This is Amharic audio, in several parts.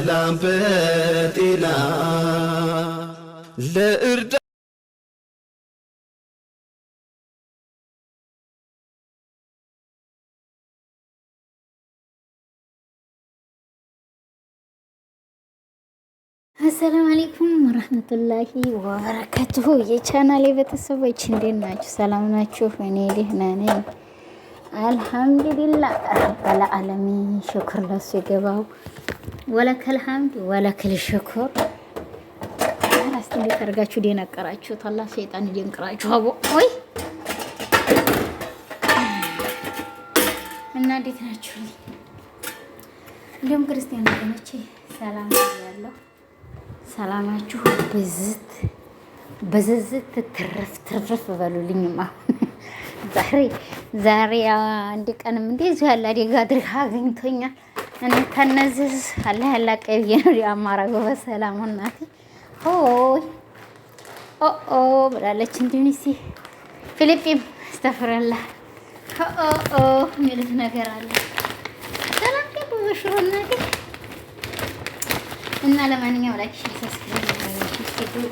በሰላም በጤና ለእርዳ አሰላሙ አሌይኩም ወረህመቱላሂ ወበረካቱሁ የቻናሌ ቤተሰቦች እንዴት ናችሁ? ሰላም ናችሁ? እኔ ደህና ነኝ። አልሐምዱሊላህ ረበል ዓለሚን ሽኩር ለሱ ይገባው ወለከል ሐምድ ወለከል ሽኩር። አላስቲ እንዴት አድርጋችሁ ደነቀራችሁት? አላህ ሰይጣን ይደንቅራችሁ። አቦ ወይ እና እንዴት ናችሁ? እንዲሁም ክርስቲያን ወገኖቼ ሰላም ያለው ሰላማችሁ ብዝት በዝዝት ትርፍ ትርፍ በሉልኝማ ዛሬ ዛሬ አንድ ቀንም እንደዚህ ያለ አደጋ አድርጋ አገኝቶኛል። እኔ ከነዚህ አላህ ያላቀ ብዬነው የአማራ ጎበዝ ሰላም እናቴ ሆይ ኦኦ ብላለች። እንዲሁም ሲ ፊልጲም ስተፍረላ ኦ የሚሉት ነገር አለ። ሰላም ገቡ በሽሮ እናቴ እና ለማንኛውም ላኪሽ ሰስክ ሲ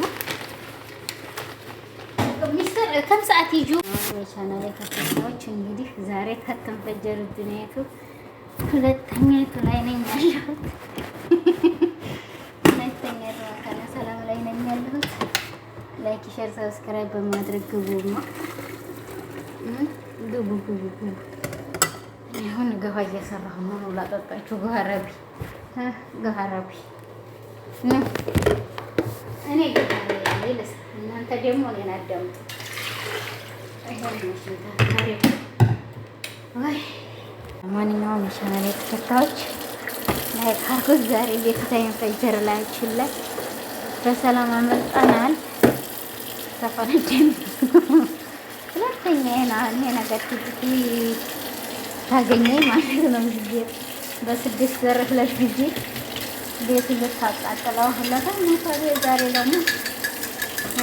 ከብሰዓት ይጁ የቻናል ተከታዮች እንግዲህ ዛሬ ከተንፈጀርብን የቱ ሁለተኛ ላይ ነኝ ያለሁት፣ ሁለተኛ የቱ ሰላም ላይ ነኝ ያለሁት። ላይክ ሼር፣ ሰብስክራይብ በማድረግ ግቡማ ግቡ ግቡ ግቡ። አሁን እየሰራሁ ነው። እኔ ልስ እናንተ ደግሞ እኔን አዳምጡ። ማንኛውም የቻናል የተከታዮች ላይክ አድርጉት። ዛሬ ቤተታይን ፈጀር ላያችን ላይ በሰላም አመልጠናል። ተፈነደን ሁለተኛ እኔ ነገር ታገኘኝ ማለት ነው። ጊዜ በስድስት ዘር ሁለት ጊዜ ቤት ልታቃጥለው ሁለታ ዛሬ ደግሞ ክ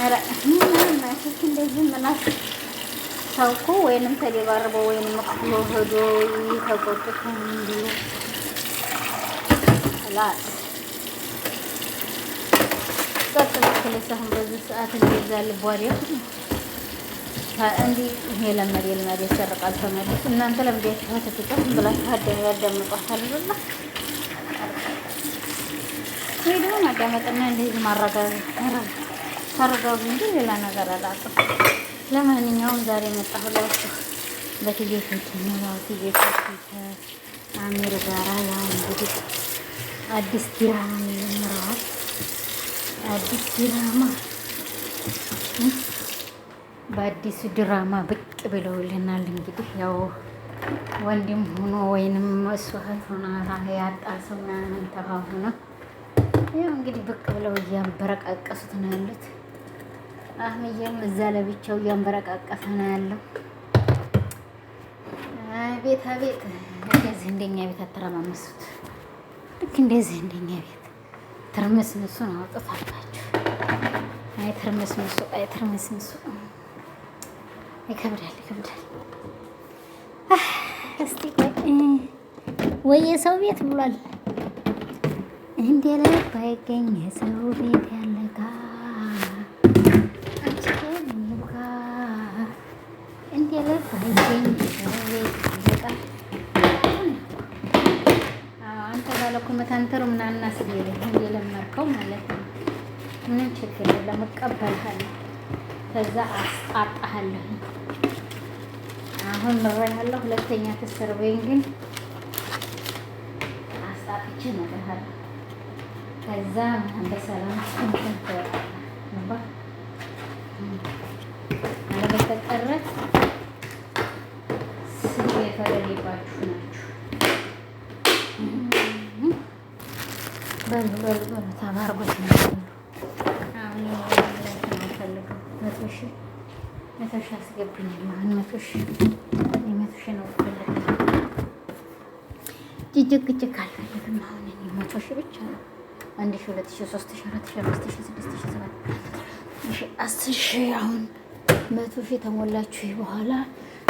እንደዚህ ምናስ ሰው እኮ ወይንም ተደባርበው ወይንም ክፍሎ ሄዶ ተቆጥቶ እንዲሁ ቀጥለክለሳሁን በዚህ ሰዓት እንደዛ ልቧዴፍ እንዲህ ይሄ ለመድ ያሰርቃል ተመልሱ እናንተ ለምዲያችሁ ተትጠፍ ብላችሁ ያዳምጧታል ብላ ወይ ደግሞ ማዳመጥና እንደዚህ ማረጋገጥ ተረጋጉ እንጂ ሌላ ነገር አላውቅም። ለማንኛውም ዛሬ መጣሁላችሁ በትዬት ነው ትዬት አሚር ጋራ ያው እንግዲህ አዲስ ዲራማ ይጀምረዋል። አዲስ ዲራማ በአዲሱ ድራማ ብቅ ብለውልናል። እንግዲህ ያው ወንድም ሆኖ ወይንም መስዋዕት ሆና ያጣ ሰው ምናምን ተባሆነ ያው እንግዲህ ብቅ ብለው እያበረቃቀሱት ነው ያሉት። አህምዬም እዛ ለብቻው እያንበረቃቀፈ ነው ያለው። ቤት አቤት እንደዚህ እንደኛ ቤት አተረማመሱት። ልክ እንደዚህ እንደኛ ቤት ትርምስምሱን አውጥታላችሁ። አይ አይ ይከብዳል፣ ይከብዳል። እስቲ ወይ የሰው ቤት ብሏል የሰው ቤት ከዛ አጣሃለሁ። አሁን ምሬሃለሁ። ሁለተኛ ትስር ወይን ግን አስጣጥቼ እነግርሃለሁ። ከዛ በሰላም እንትን ትወጣለህ። አለበተቀረ ስሩ የተለየባችሁ ናችሁ። በሉ በሉ በሉ ተባርጎት ነው አሁን መቶ ሺህ መቶ ሺህ አስገብኝ አሁን መቶ ሺህ የመቶ ሺህ ነው ፈለግ ጅጅግ ግጭግ አልፈልግም። አሁን እኔ መቶ ሺህ ብቻ ነው አንድ ሺህ ሁለት ሺህ ሶስት ሺህ አራት ሺህ አምስት ሺህ ስድስት ሺህ ሰባት ሺህ አስር ሺህ አሁን መቶ ሺህ ተሞላችሁ በኋላ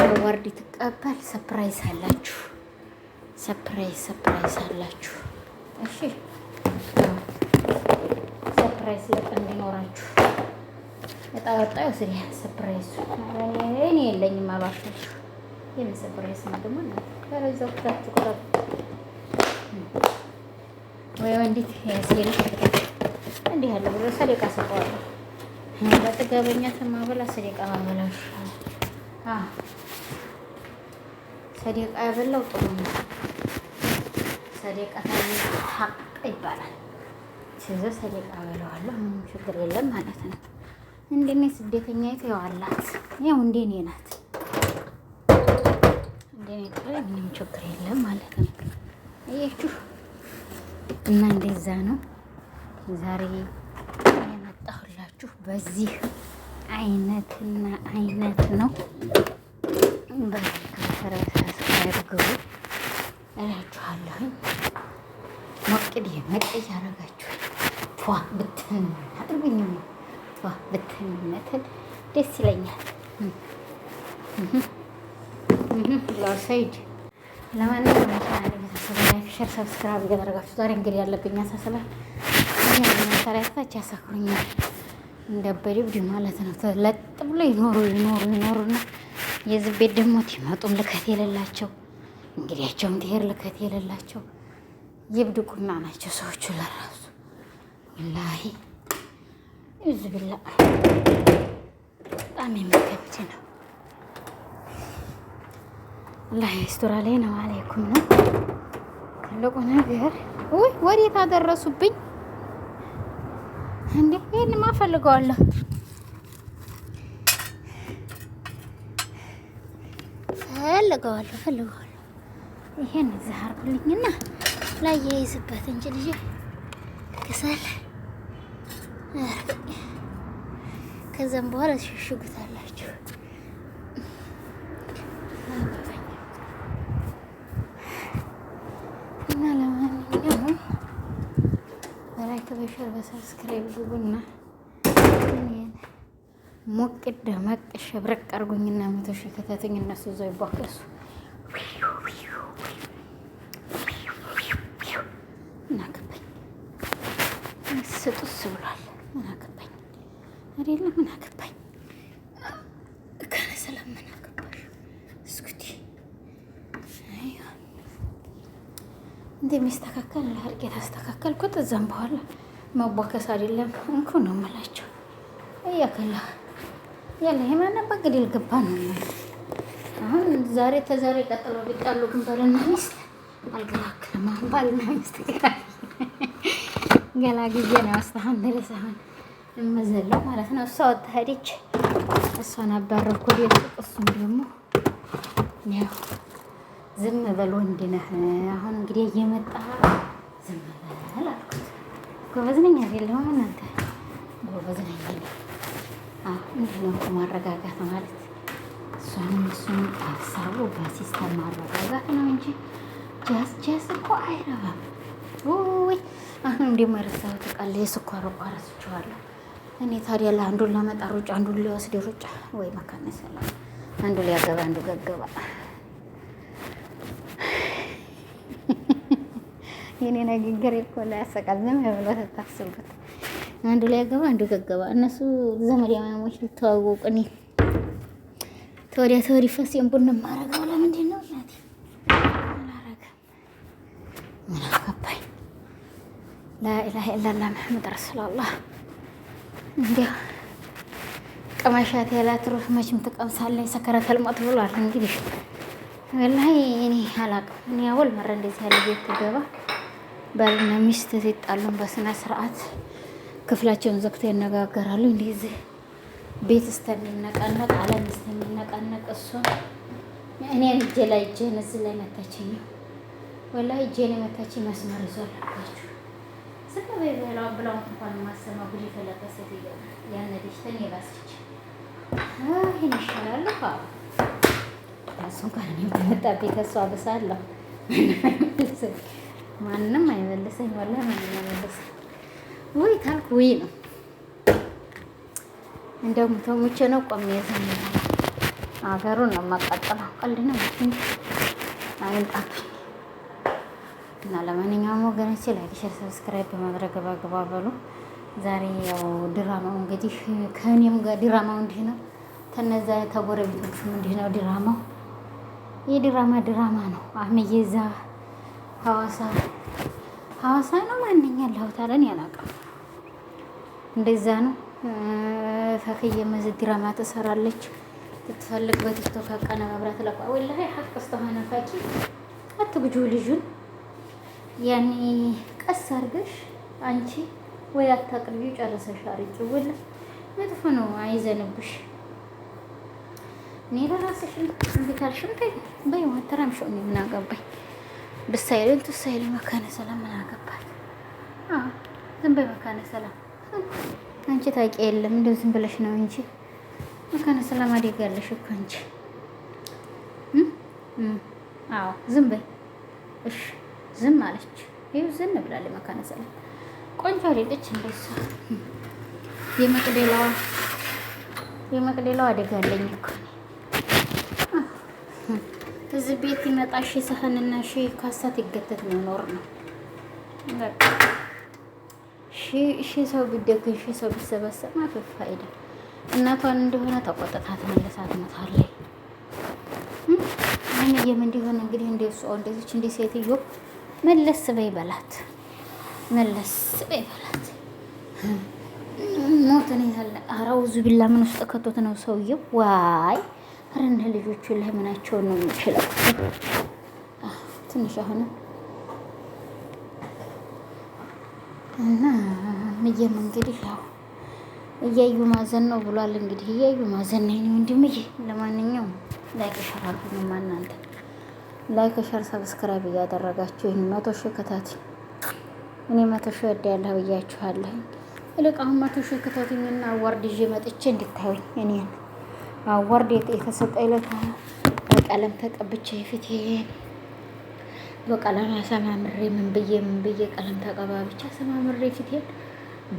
አዋርድ ትቀበል ሰፕራይዝ አላችሁ። ሰፕራይዝ ሰፕራይዝ አላችሁ። እሺ ሰፕራይዝ ለቀን እንዲኖራችሁ የጣወጣ ስሪ ሰፕራይዝ እኔ የለኝም ሰፕራይዝ ነው ደግሞ? ከረዛው ወይ እንዲህ ያለ ብሎ በጥገበኛ ተማበላ ማበላሽ ያበላው ጥሩ ነው። ሰደቃ ሀቅ ይባላል። ስለዚህ ሰደቃ አበላዋለሁ። ችግር የለም ማለት ነው። እንደኔ ስደተኛ ይተዋላት ያው እንደኔ ናት። እንደኔ ጥሬ ምንም ችግር የለም ማለት ነው። አያችሁ እና እንደዛ ነው ዛሬ የመጣሁላችሁ በዚህ አይነትና አይነት ነው። በሰብስክራይብ ግቡ እላችኋለሁኝ። ሞቅድ መቀ እያረጋችሁ ፏ ብትን አድርጉኝ ነው ብትንነትን ደስ ይለኛል። ላሳይድ ለማንኛውም ቻናል ቤተሰብ ላይክ፣ ሸር፣ ሰብስክራብ እያደረጋችሁ ዛሬ እንግዲህ ያለብኝ አሳስላል ሰሪያታች ያሳፍሩኛል። እንደ በድብድ ማለት ነው። ተለጥ ብሎ ይኖሩ ይኖሩ ይኖሩና የዚህ ቤት ደግሞ ቲመጡም ልከት የሌላቸው እንግዲያቸውም ትሄር ልከት የሌላቸው ይብድ ናቸው ሰዎቹ ለራሱ ላይ ዩዝብላ በጣም የሚከብድ ነው። አላህ የስቱራ ላይ ነው አለይኩም ነው ትልቁ ነገር። ውይ ወዴት አደረሱብኝ እንዴ! ይህንማ እፈልገዋለሁ። ፈልገዋለሁ ፈልገዋለሁ። ይሄን እዚህ አድርግልኝና ላይ የይዝበት እንጂ ልጄ ክሰል ከዛም በኋላ ትሸሽጉታላችሁ። እና ለማንኛውም በላይክ በሸር በሰብስክራይብ ግቡና ሞቅ ደመቅ ሸብረቅ አድርጉኝና መቶ ሺህ እነሱ እዛው ይቧከሱ። እንዴ የሚስተካከል አድርጌ ታስተካከልኩት። እዛም በኋላ መቧከስ አይደለም እንኩ ነው የምላቸው። እያከላ ያለ የማነባ ግዴል ገባ ነው አሁን ዛሬ ተዛሬ ቀጥሎ ቢጣሉ ግን ባልና ሚስት አልገላክልም። አሁን ባልና ሚስት ገላ ገላ ጊዜ ነው። አስተሃን ንልሳሁን እመዘለው ማለት ነው። እሷ ወጣ ሄደች። እሷን አባረርኩ ቤት እሱም ደግሞ ያው ዝም በል ወንድ ነህ። አሁን እንግዲህ እየመጣ ዝም በል አልኩት። ጎበዝ ነኝ አይደለሁም እናንተ ጎበዝ ነኝ። እንዲህ ነው ማረጋጋት ማለት እሷንም እሱም ሀሳቡ በሲስተም ማረጋጋት ነው እንጂ ጃስ ጃስ እኮ አይረባም። ውይ አሁን እንዲሁም የረሳሁት ተቃለ የስኳር እኮ ረስቼዋለሁ። እኔ ታዲያ ለአንዱን ለመጣ ሩጫ፣ አንዱን ሊወስድ ሩጫ። ወይ መካነ አንዱ ሊያገባ አንዱ ገገባ የኔ ንግግር እኮ ላይ ያሰቃል። ዝም ብሎ ተታስቡት። አንዱ ላይ ገባ፣ አንዱ ገገባ። እነሱ ዘመድ ያማሞች ሊተዋወቁ ተወዲያ ተወዲ ፈስ የንቡን ማረገው ለምንድን ነው እናቴ አላረገም። ምን አገባኝ? ላኢላሀ ኢላላ መሐመድ ረሱላላህ። እንዲያ ቀማሻት ያላትሩፍ መቼም ትቀምሳለኝ ሰከረተል ሞት ብሏል። እንግዲህ ወላሂ እኔ አላቅም። እኔ አወል መረ እንደዚህ ያለ ቤት ትገባ ባልና ሚስት ሲጣሉን በስነ ስርዓት ክፍላቸውን ዘግተው ይነጋገራሉ። እንደዚህ ቤት እስከሚነቃነቅ አለም እስከሚነቃነቅ እሱ እኔ እጄ ላይ እጄን እዚህ ላይ መታችኝ፣ ወላ ላይ የመታችኝ መስመር ይዞ አለባችሁ ስለ በላ ብላው እንኳን ማሰማ ጉድ የተለበሰት ያነ ደሽተን የባሰች ይህን ይሻላል። እሱ እንኳን እኔም በመጣቤ ከሷ ብሳለሁ ማንም አይመልሰኝ፣ ወላሂ ማንም አይመልሰኝ። ውይ ታልክ ውይ ነው እንደው ተሙቼ ነው ቆሜ ዘመ አገሩን ነው የማቃጠለው። ቀልድ ነው አይምጣብኝ። እና ለማንኛውም ወገኖች ላይክ፣ ሼር፣ ሰብስክራይብ በማድረግ ገባገባ በሉ። ዛሬ ያው ድራማው እንግዲህ ከእኔም ጋር ድራማው እንዲህ ነው፣ ከነዛ ተጎረቤቶቹም እንዲህ ነው ድራማው። ይህ ድራማ ድራማ ነው አመየዛ ሀዋሳ ሀዋሳ ነው ማንኛ ያለሁት አለን ያላቀም እንደዛ ነው። ፈክዬ መዝ ድራማ ትሰራለች ትትፈልግ በቲክቶክ አቃና መብራት ለቋ ወላሂ ሀቅ እስተሆነ ፈኪ አትጉጁ ልጁን ያኔ ቀስ አድርገሽ አንቺ ወይ አታቅርቢ ጨረሰሽ አርጭ ወላ መጥፎ ነው። አይዘንብሽ እኔ ለራስሽ እንቢታልሽም በይ በይ ዋተራምሽ ምን አገባኝ። ብሳይልን ትሳይል መካነ ሰላም ምን አገባት? ዝም በይ መካነ ሰላም አንቺ ታውቂ የለም እንደው ዝም ብለሽ ነው እንጂ መካነ ሰላም አደጋ እኮ አንቺ። አዎ ዝም በይ እሺ። ዝም አለች። ይኸው ዝም ብላለች መካነ ሰላም። ቆንጆ አደለች እንደ እሷ የመቅደላዋ የመቅደላዋ አደጋ አለኝ እኮ እዚህ ቤት ይመጣሽ ሺ ሰህንና ሺ ካሳት ይገተት መኖር ነው። ሺ ሰው ቢደግን ሺ ሰው ቢሰበሰብ ማፈፍ ፋይዳ። እናቷን እንደሆነ ተቆጥታ ትመለሳት መታለች። ምን የም እንዲሆን እንግዲህ እንደ እሷ እንደዚች እንደ ሴትዮ መለስ በይ በላት፣ መለስ በይ በላት። ሞትን ያለ አራውዙ ቢላ ምን ውስጥ ከቶት ነው ሰውየው ዋይ ኧረ እንደ ልጆቹ ላይ ምናቸውን ነው የምችለው? ትንሽ አሁንም እና ምዬም እንግዲህ ያው እያዩ ማዘን ነው ብሏል። እንግዲህ እያዩ ማዘን ነው ነው ይ ምዬ። ለማንኛውም ላይክ ሸር አድርጉኝ። ማናንተ ላይክ ሸር ሰብስክራይብ እያደረጋችሁ ይህን መቶ ሺህ ክተት እኔ መቶ ሺህ ወዳለሁ ብያችኋለሁ። ይልቅ አሁን መቶ ሺህ ክተቱኝና አዋርድ ይዤ መጥቼ እንድታዩኝ እኔን ወርድ የተሰጠ ይለት በቀለም ተቀብቼ ፊቴ በቀለም አሰማምሬ ምን ብዬ ምን ብዬ ቀለም ተቀባብቻ አሰማምሬ ፊቴን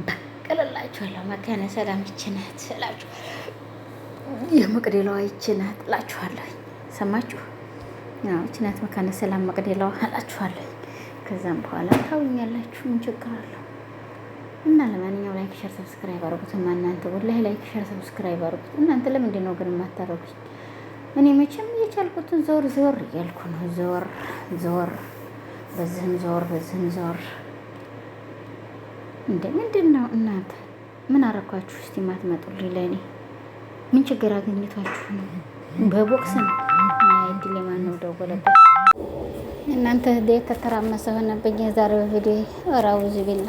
በቅልላችኋለሁ። መካነ ሰላም ይቺ ናት የመቅደላዋ ይቺ ናት ሰማችሁ? ይቺ መካነ ሰላም መቅደላዋ እላችኋለሁ። ከዛም በኋላ ታውኛላችሁ። ምን ችግር አለው? እና ለማንኛውም ላይክ ሸር ሰብስክራይብ አድርጉትማ እናንተ ወላሂ ላይክ ሸር ሰብስክራይብ አድርጉት እናንተ። ለምንድን ነው ግን የማታረጉት? እኔ መቼም የቻልኩትን ዞር ዞር እያልኩ ነው። ዞር ዞር፣ በዚህም ዞር፣ በዚህም ዞር። እንደ ምንድን ነው እናንተ ምን አረኳችሁ? እስቲ ማትመጡልኝ ለእኔ ምን ችግር አገኝቷችሁ ነው? በቦክስ ነው አይድል? የማን ነው ደወለበት? እናንተ ዴት ተተራመሰ ሆነብኝ የዛሬው ቪዲዮ። ኧረ ቢላ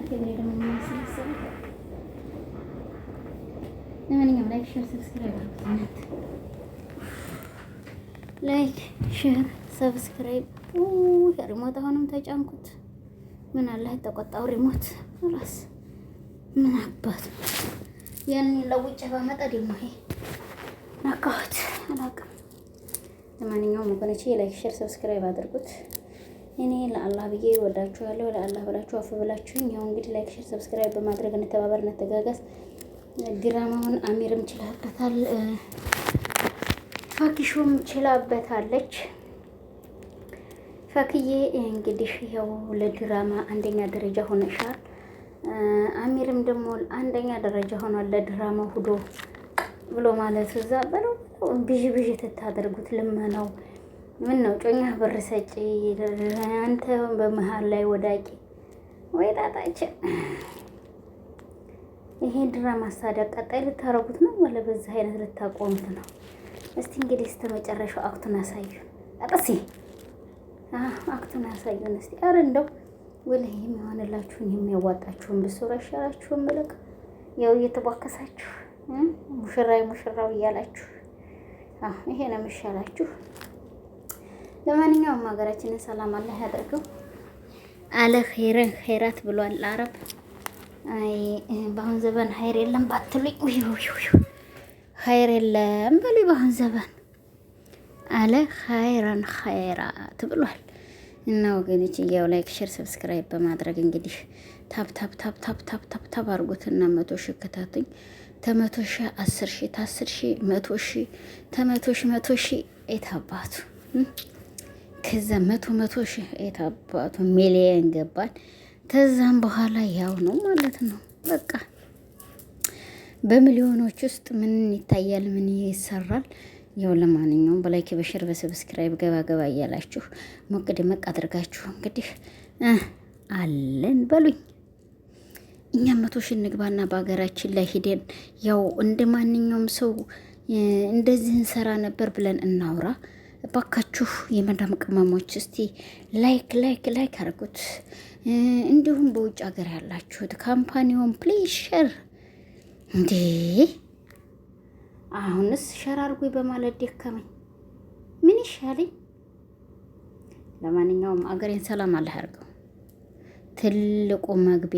እኔ ደግሞ ማስመሰል ለማንኛውም ላይክ፣ ሼር፣ ሰብስክራይብ አድርጉት። ላይክ፣ ሼር፣ ሰብስክራይብ ሪሞት አሁንም ተጫንኩት። ምን አለ ተቆጣው ሪሞት ራስ ምን አባት ያን ለውጭ ባመጣ ደግሞ ይሄ ነካሁት አላውቅም። ለማንኛውም ወገኖቼ ላይክ፣ ሼር፣ ሰብስክራይብ አድርጉት። እኔ ለአላህ ብዬ ወዳችኋለሁ። ለአላህ ብላችሁ አፉ ብላችሁኝ። ያው እንግዲህ ላይክ፣ ሼር፣ ሰብስክራይብ በማድረግ እንተባበር፣ እንተጋገዝ። ድራማውን አሚርም ችላበታል፣ ፋኪሾም ችላበታለች። ፋክዬ እንግዲህ ያው ለድራማ አንደኛ ደረጃ ሆነሻል። አሚርም ደግሞ አንደኛ ደረጃ ሆኗል። ለድራማ ሁዶ ብሎ ማለት እዛ በለው ብዥ ብዥ ትታደርጉት ልመናው ምን ነው ጮኛ ብር ሰጪ አንተ በመሀል ላይ ወዳቂ ወይ ጣጣችን ይሄ ድራማ ሳዳ ቀጣይ ልታረጉት ነው ወለ በዚህ አይነት ልታቆሙት ነው? እስቲ እንግዲህ እስከ መጨረሻው አክቱን አሳዩ አጥሲ አክቱን አሳዩን እስቲ። አረ እንደው ወላሂ የሚሆንላችሁን የሚያዋጣችሁን ብሶ ረሻራችሁን ምልክ ያው እየተቧከሳችሁ ሙሽራይ ሙሽራው እያላችሁ ይሄ ነው የሚሻላችሁ። ለማንኛውም ሀገራችንን ሰላም አላህ ያደርገው። አለ ኸይረን ኸይራት ብሏል አረብ። አይ በአሁን ዘበን ኸይር የለም ባትሉኝ፣ ውይ ውይ ኸይር የለም በሉኝ። በአሁን ዘበን አለ ኸይረን ኸይራት ብሏል። እና ወገኖች እያው ላይክ ሼር ሰብስክራይብ በማድረግ እንግዲህ ታብ ታብ ታብ ታብ ታብ ታብ ታብ አድርጉትና መቶ ሺህ ከታትኝ ተመቶ ሺህ አስር ሺህ ታስር ሺህ መቶ ሺህ ተመቶ ሺህ መቶ ሺህ የታባቱ ከዛ መቶ መቶ ሺህ የታባቱ ሚሊየን ገባን። ከዛም በኋላ ያው ነው ማለት ነው በቃ በሚሊዮኖች ውስጥ ምን ይታያል? ምን ይሰራል? ያው ለማንኛውም በላይክ በሽር በሰብስክራይብ ገባ ገባ እያላችሁ ሞቅ ደመቅ አድርጋችሁ እንግዲህ አለን በሉኝ። እኛ መቶ ሺህ እንግባና በሀገራችን ላይ ሂደን ያው እንደ ማንኛውም ሰው እንደዚህ እንሰራ ነበር ብለን እናውራ። እባካችሁ የመዳም ቅመሞች እስቲ ላይክ ላይክ ላይክ አድርጉት። እንዲሁም በውጭ ሀገር ያላችሁት ካምፓኒውን ፕሊዝ ሸር እንዴ! አሁንስ ሸር አድርጉ በማለት ደከመኝ። ምን ይሻለኝ? ለማንኛውም አገሬን ሰላም አለ ያርገው። ትልቁ መግቤ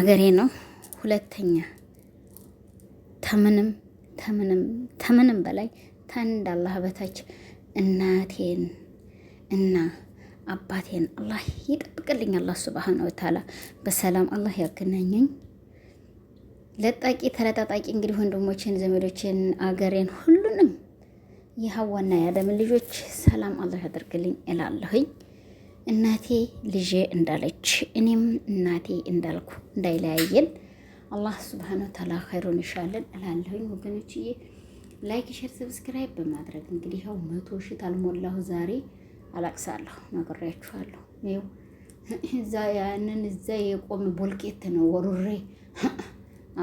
አገሬ ነው። ሁለተኛ ተምንም ተምንም ተምንም በላይ ታንድ አላህ በታች እናቴን እና አባቴን አላህ ይጠብቅልኝ። አላህ ሱብሃነ ወተዓላ በሰላም አላህ ያገናኘኝ። ለጣቂ ተለጣጣቂ እንግዲህ ወንድሞችን፣ ዘመዶችን፣ አገሬን፣ ሁሉንም የሀዋና የአደምን ልጆች ሰላም አላህ ያደርግልኝ እላለሁኝ። እናቴ ልጄ እንዳለች እኔም እናቴ እንዳልኩ እንዳይለያየን አላህ ስብሓን ወተዓላ ኸይሩን ይሻለን እላለሁኝ ወገኖችዬ። ላይክ፣ ሸር፣ ሰብስክራይብ በማድረግ እንግዲህ ያው መቶ ሽት አልሞላሁ ዛሬ አላቅሳለሁ፣ ነግሬያችኋለሁ። ይኸው እዛ ያንን እዛ የቆመ ቦልቄት ነው ወሩሬ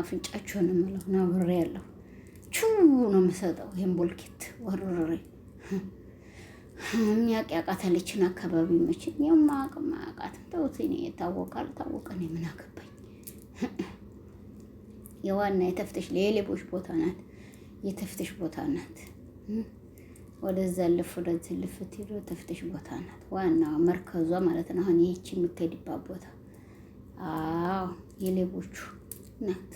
አፍንጫችሁን ምለው ነብሬ ያለሁ ቹ ነው መሰጠው ይህን ቦልኬት ወሩሬ የሚያውቅ ያቃተለችን አካባቢ መችን የማቅ ማቃት ተውት። የታወቀ አልታወቀ እኔ ምን የዋና የተፍትሽ የሌቦች ቦታ ናት፣ የተፍትሽ ቦታ ናት። ወደዛ ልፍ ወደዚህ ልፍ ትሉ ተፍትሽ ቦታ ናት። ዋና መርከዟ ማለት ነው። አሁን ይህቺ የምትሄድባት ቦታ አዎ የሌቦቹ ናት።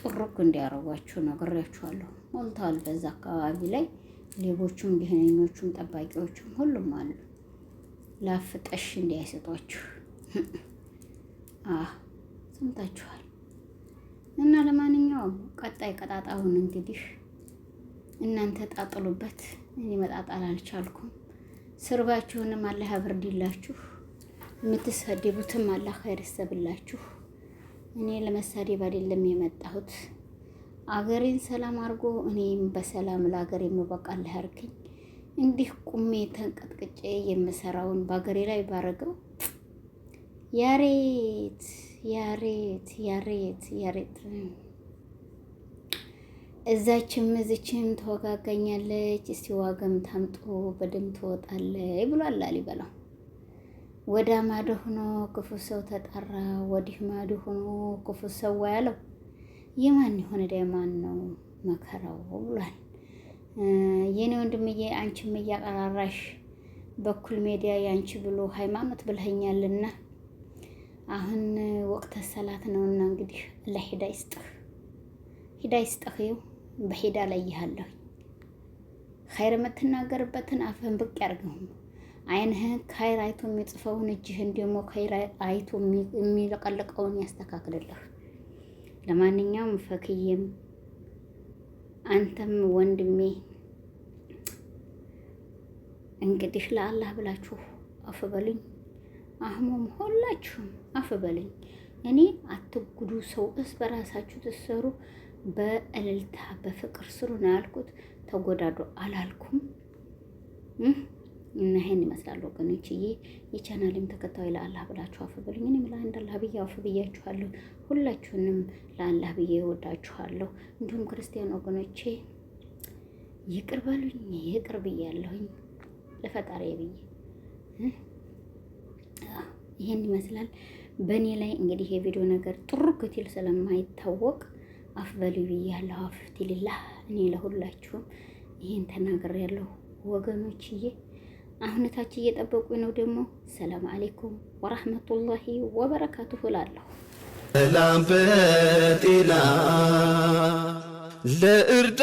ጥሩክ እንዲያረጓችሁ ነግሬያችኋለሁ። ሞልተዋል። በዛ አካባቢ ላይ ሌቦቹም ደህነኞቹም ጠባቂዎቹም ሁሉም አሉ። ላፍጠሽ እንዲያይሰጧችሁ ሰምታችኋል። ለማንኛውም ቀጣይ ቀጣጣውን እንግዲህ እናንተ ጣጥሉበት፣ እኔ መጣጣል አልቻልኩም። ስርባችሁንም አላህ ያብርድላችሁ፣ የምትሰደቡትም አላህ ኸይር ይሰብላችሁ። እኔ ለመሳደብ አይደለም የመጣሁት። አገሬን ሰላም አድርጎ እኔም በሰላም ለሀገር የምበቃ አላህ እንዲህ ቁሜ ተንቀጥቅጬ የምሰራውን በሀገሬ ላይ ባረገው ያሬት ያሬት ያሬት ያሬት እዛችም እዚችም ተወጋጋኛለች። እስቲ ዋገም ታምጦ በደንብ ትወጣለች ብሏል ላሊበላ። ማዶ ሆኖ ክፉ ሰው ተጠራ፣ ወዲህ ማዶ ሆኖ ክፉ ሰው ያለው የማን የሆነ ነው መከራው ብሏል። የኔ ወንድምዬ አንቺም እያቀራራሽ በኩል ሜዲያ ያንቺ ብሎ ሃይማኖት ብልኸኛልና አሁን ወቅተ ሰላት ነውና እንግዲህ ለሂዳ ይስጥህ፣ ሂዳ ይስጥህ። ይኸው በሂዳ ላይ ይሃለሁ ኸይር የምትናገርበትን አፍህን ብቅ ያርገው። አይንህን ኸይር አይቶ የሚጽፈውን እጅህን ደግሞ ኸይር አይቶ የሚለቀልቀውን ያስተካክልልህ። ለማንኛውም ፈክዬም አንተም ወንድሜ እንግዲህ ለአላህ ብላችሁ አፍ በሉኝ። አህሞም ሁላችሁም አፍ በለኝ። እኔ አትጉዱ፣ ሰው እስ በራሳችሁ ትሰሩ፣ በእልልታ በፍቅር ስሩ ነው ያልኩት። ተጎዳዶ አላልኩም። እና ይሄን ይመስላል ወገኖችዬ፣ የቻናሌም ተከታዮች ለአላህ ብላችሁ አፍ ብሉኝ። እኔም ለአንድ አላህ ብዬ አፍ ብያችኋለሁ። ሁላችሁንም ለአላህ ብዬ እወዳችኋለሁ። እንዲሁም ክርስቲያን ወገኖቼ ይቅር በሉኝ፣ ይቅር ብያለሁኝ ለፈጣሪ ብዬ ይሄን ይመስላል። በእኔ ላይ እንግዲህ የቪዲዮ ነገር ጥሩ ክትል ስለማይታወቅ አፍ በልዩ ብያለሁ። አፍ ትልላህ እኔ ለሁላችሁም ይሄን ተናገር ያለሁ ወገኖችዬ፣ አሁነታች እየጠበቁ ነው። ደግሞ ሰላም አሌይኩም ወራህመቱላሂ ወበረካቱ ሁላለሁ። ሰላም በጤና ለእርዳ